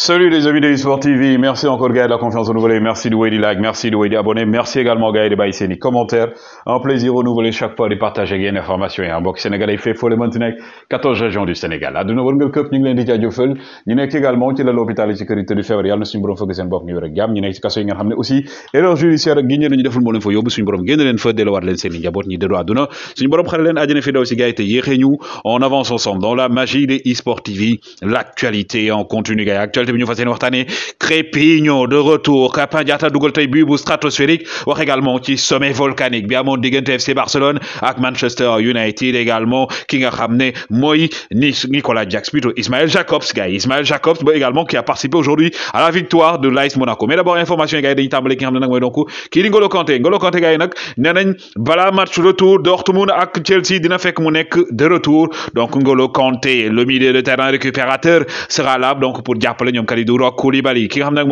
Salut les amis de eSport TV, merci encore Gaël de la confiance renouvelée, merci de way des merci de abonné, merci également Gaël de baisser les commentaires. Un plaisir renouvelé chaque fois de partager une information et un box sénégalais fait pour les maintenant 14 régions du Sénégal. À de nouveau ngeul kep ñu ngi leen di jaajeufal ñu nekk également ci l'hôpital ci kër tëdd feebar yalla suñu borom fëgg seen bopp ñu wër ak jàmm ñu nekk ci kasso yi nga xam ne aussi erreur judiciaire ak guignol ñu deful mo leen fa yóbbu suñu borom génn leen fa delluwaat leen seen njaboot ñi déddu aduna suñu borom xale leen àjjana fi daw ci Gaël de yéexé ñu on avance ensemble dans la magie des eSport TV, l'actualité en continu Gaël actualité bi ñu fas waxtane waxtaanee Crépignon de retour Capitaine Diatta Dougal tay bi bu stratosphérique wax également ci sommet volcanique bi amoon diggante FC Barcelone ak Manchester United également ki nga xamné moy Nicolas Jackson plutôt Ismaël Jacobs gars Ismaël Jacobs ba également qui a participé aujourd'hui à la victoire de l'AS Monaco mais d'abord information gars dañu dañuy ki nga xam ne nag donc kii di Ngolo Kanté Ngolo Kanté gars N'ak. nag bala match retour Dortmund ak Chelsea dina fekk mu nekk de retour donc Ngolo Kanté le milieu de terrain récupérateur sera là donc pour jàppale mondjam Kalidou, akkor Koulibaly. Ki haben da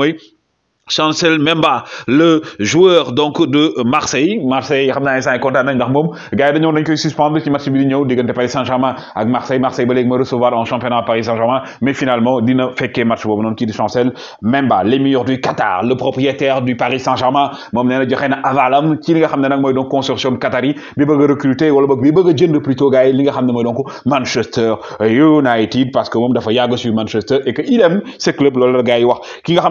Chancel Memba le joueur donc de Marseille Marseille il y a saa kontaan nañ ndax moom gars yi dañoo dañ koy suspendre ci match bi di Paris Saint-Germain avec Marseille Marseille ba léegi ma recevoir en championnat Paris Saint-Germain mais finalement dina fekkee match boobu noonu kii Chancel Memba l'émir du Qatar le propriétaire du Paris Saint-Germain il y na un na avalam ci li nga xam ne nag donc consortium qatari bi bëgg recruter wala boog bi a jënd plutôt gars yi li nga xam Manchester United parce que fait dafa yàgg sur Manchester et que il aime ce club loolu gars yi wax ki nga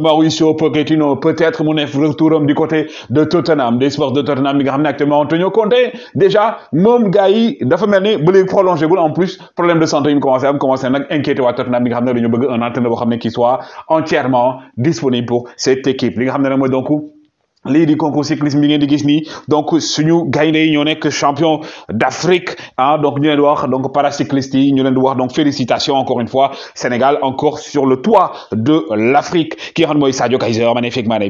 Mauricio Pochettino peut-être mon ne retouram du côté de Tottenham des sports de Tottenham mi nga xam ne actuellement Antonio Conte déjà moom gars yi dafa mel ni ba léegi prolongé gul en plus problème de santé Il mu commencé à commencer nag inquiété waa Tottenham bi nga xam dañu bëgg un entraîneur qui soit entièrement disponible pour cette équipe li nga xam ne nag donc lii di concours cyclisme bi ngeen di gis nii donc suñu gaynde yi ñoo nekk champion d'Afrique ah donc ñu leen di wax donc paracycliste yi ñu leen di wax donc félicitations encore une fois Sénégal encore sur le toit de l'Afrique ki nga xam ne mooy Sadio Kaiser magnifique maa mi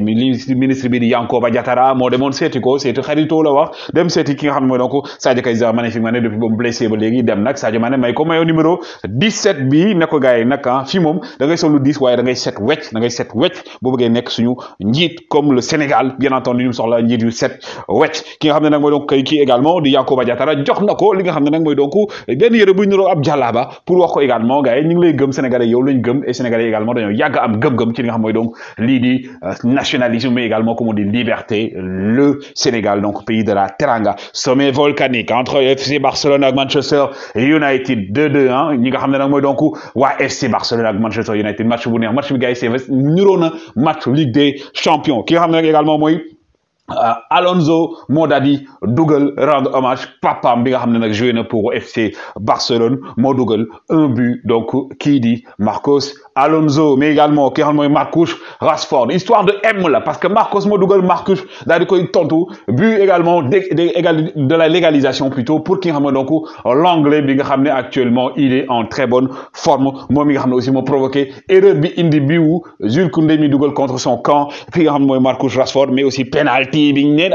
ministre bi di Yankoba Diatara moo demoon seeti ko seeti xaritoo la wax dem seeti ki nga xam ne mooy donc Sadio Kaiser magnifique maa depuis ba mu blessé ba léegi dem nag Sadio Mané may ko mayo numéro 17 bi ne ko gars yi nag ah fii moom da ngay solu 10 waaye da ngay set wecc da ngay set wecc boo bëggee nekk suñu njiit comme le Sénégal bien entendu sommes là là yu 7 wecc ki nga xamné nak moy donc euh, ki également di yakou Badiatara. jox na li nga xamné nak moy donc euh, ab pour wax ko également gars les ñu ngi lay gëm sénégalais yow lañ gëm et sénégalais également dañu yag am gëm-gëm ci nga xam donc li di euh, nationalisme mais également comme on dit liberté le Sénégal donc pays de la teranga sommet volcanique entre FC Barcelone ak Manchester United 2-2 hein. ñi nga xamné nak moy donc wa FC Barcelone ak Manchester United match bu neex match bi gaay yi c'est nuroo na match Ligue des Champions ki nga xamné également mooy euh, Alonso Modadi Dougal Dougal hommage papa bi nga pour FC Barcelone mon Dougal un but donc qui dit Marcos Alonso mais également qui a Marcus Rashford histoire de M parce que Marcos Modougal Dougal Marcus daal but également de la légalisation plutôt pour qui donc l'anglais bi actuellement il est en très bonne forme moi mi nga aussi mo provoqué erreur bi indi bi Jules Koundé contre son camp puis nga Marcus Rashford mais aussi penalty yi bi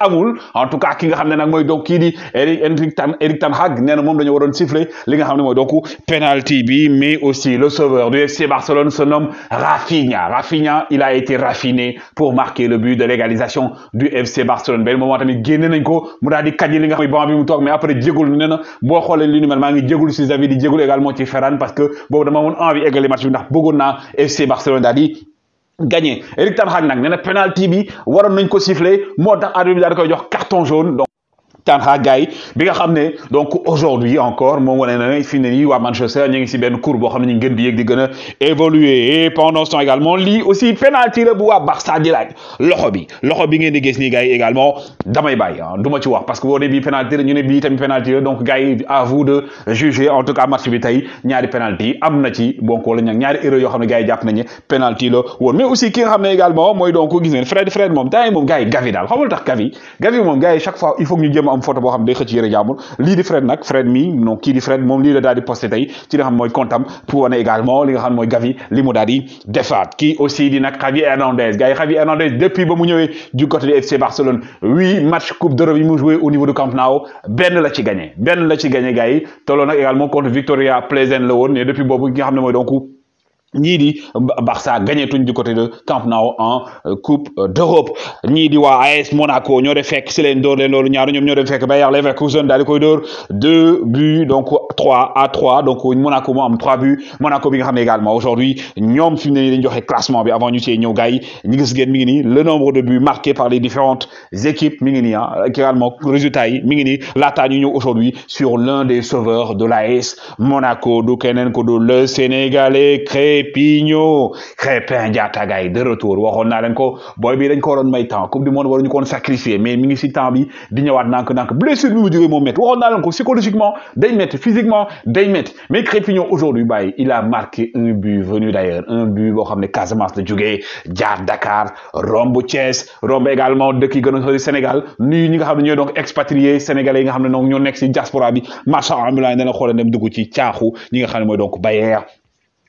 amul en tout cas ki nga xamné nak moy mooy donc kii di Eric Ten Eric Ten Hag néna mom dañu waron siffler li nga xamné moy mooy donc penalty bi mais aussi le sauveur du FC Barcelone se nomme Rafinha Rafinha il a été raffiné pour marquer le but de l'égalisation du FC Barcelone benn moment tamit génne nañ ko mu daal di li nga xam bon bi mu tok mais après djegul néna bo xolé li ni mel maa ngi jégul si Xavi di djegul également ci Ferran parce que bobu dama won envie égaler match bi ndax bëggoon FC Barcelone daal gagné Eric Ten il y a na penalty bi waroon ko siffler de il y carton jaune. Tanha Gay bi nga xamné donc aujourd'hui encore mo wane na fi ne Manchester ñi ngi ben benn cour bo xamné ñi gën di yegg di gën évoluer et pendant ce temps également li aussi penalty la bu wa Barça di laaj loxo bi loxo bi ngeen di gis ni gay également damay bay ah du ci wax parce que boo dee penalty la ñu ne bii tamit penalty donc gay à vous de juger en tout cas match bi tay ñaari penalty amna ci bon la ñak ñaari erreur yo xamné ne gars yi jàpp penalty la woon mais aussi ki nga xamné également moy donc gis ngeen Fred Fred mom tay mom gay Gavi dal xamul tax Gavi Gavi mom gay chaque fois il faut ñu jéem am photo bo xam day xëc yëre jàmbur li di Fred nak, Fred mi non qui di Fred mom li la daal di poster tay ci nga xam moy comptam pour wane également li nga xam moy Gavi limu mu di ki aussi di nak Javier Hernandez gars Hernandez depuis ba mu ñëwé du côté de FC Barcelone huit match coupe d'Europe yi mu joué au niveau du Camp Nou benn la ci gagné benn la ci gagné gars tolo nak également contre Victoria Pleasant le won et depuis bobu nga xam ne mooy donc ñii di Barça tout du côté de Camp Nou en euh, Coupe d'Europe Nidi di AS Monaco ñoo de fait Célendor, leen door leen loolu ñaar Bayer Leverkusen Dalekoidor, di deux buts donc trois à trois donc Monaco moi, trois buts Monaco bi également aujourd'hui ñoom fi classement avant ñu yi le nombre de buts marqués par les différentes équipes mi hein, euh, également résultat yi mi ngi aujourd'hui sur l'un des sauveurs de l'AS Monaco le Sénégalais créé Ronaldinho Crépin Diatta gars de retour waxon na leen ko boy bi dañ ko won may temps coupe du monde waruñu ko woon sacrifier mais mi ngi ci temps bi di ñëwaat nànk-nànk blessure bi mu jógee moom met waxon na leen ko psychologiquement day met physiquement day met mais Crépignon aujourd'hui bàyyi il a marqué un but venu d'ailleurs un but bo xamné ne Casamance la jógee jaar Dakar rombo Thiès romb également de qui gëna a Sénégal nuyu ñi nga xamné ñoy donc expatriés sénégalais yi nga xamné donc ñoo nekk si diaspora bi marchand ambulant yi dana xolé dem dugg ci caaxu ñi nga xamné moy donc Bayer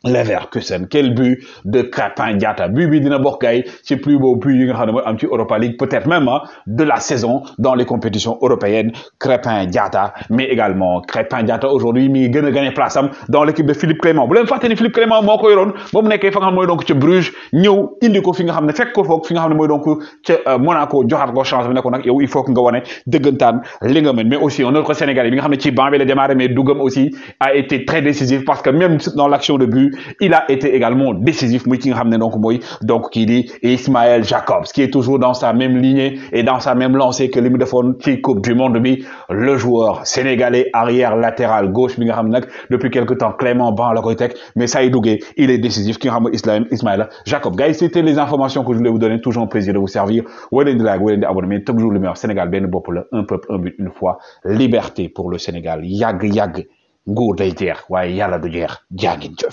que Leverkusen quel but de Crépin Diatta but bi dina bokk ci plus beau but yi nga xam am ci Europa League peut-être même hein, de la saison dans les compétitions européennes Crépin Diatta mais également Crépin Diatta aujourd'hui mi gëna gën gagné place am dans l'équipe de Philippe Clément bu len faté ni Philippe Clément moko yoron yoroon ba fa nga mooy donc ci Bruges ñëw indi ko fi nga xam ne fekk ko foog fi nga xam ne mooy donc ca euh, Monaco joxaat ko chance bi ne nak yow il faut que nga de dëggantaan li nga mais aussi on autre Sénégalais bi nga xam ci banc bi la démarré mais dugam aussi a été très décisif parce que même dans l'action de but il a été également décisif, donc donc qui dit Ismaël Jacobs, qui est toujours dans sa même lignée et dans sa même lancée que l'hymne qui Coupe du Monde, le joueur sénégalais arrière latéral gauche, depuis quelque temps, Clément Ban à la mais Saïd il est décisif, Ismaël Jacob. Guys, c'était les informations que je voulais vous donner, toujours un plaisir de vous servir. la, toujours le meilleur Sénégal, ben pour la un peuple, un but, une fois, liberté pour le Sénégal. Yag, yag. nguur day jeex waaye yàlla du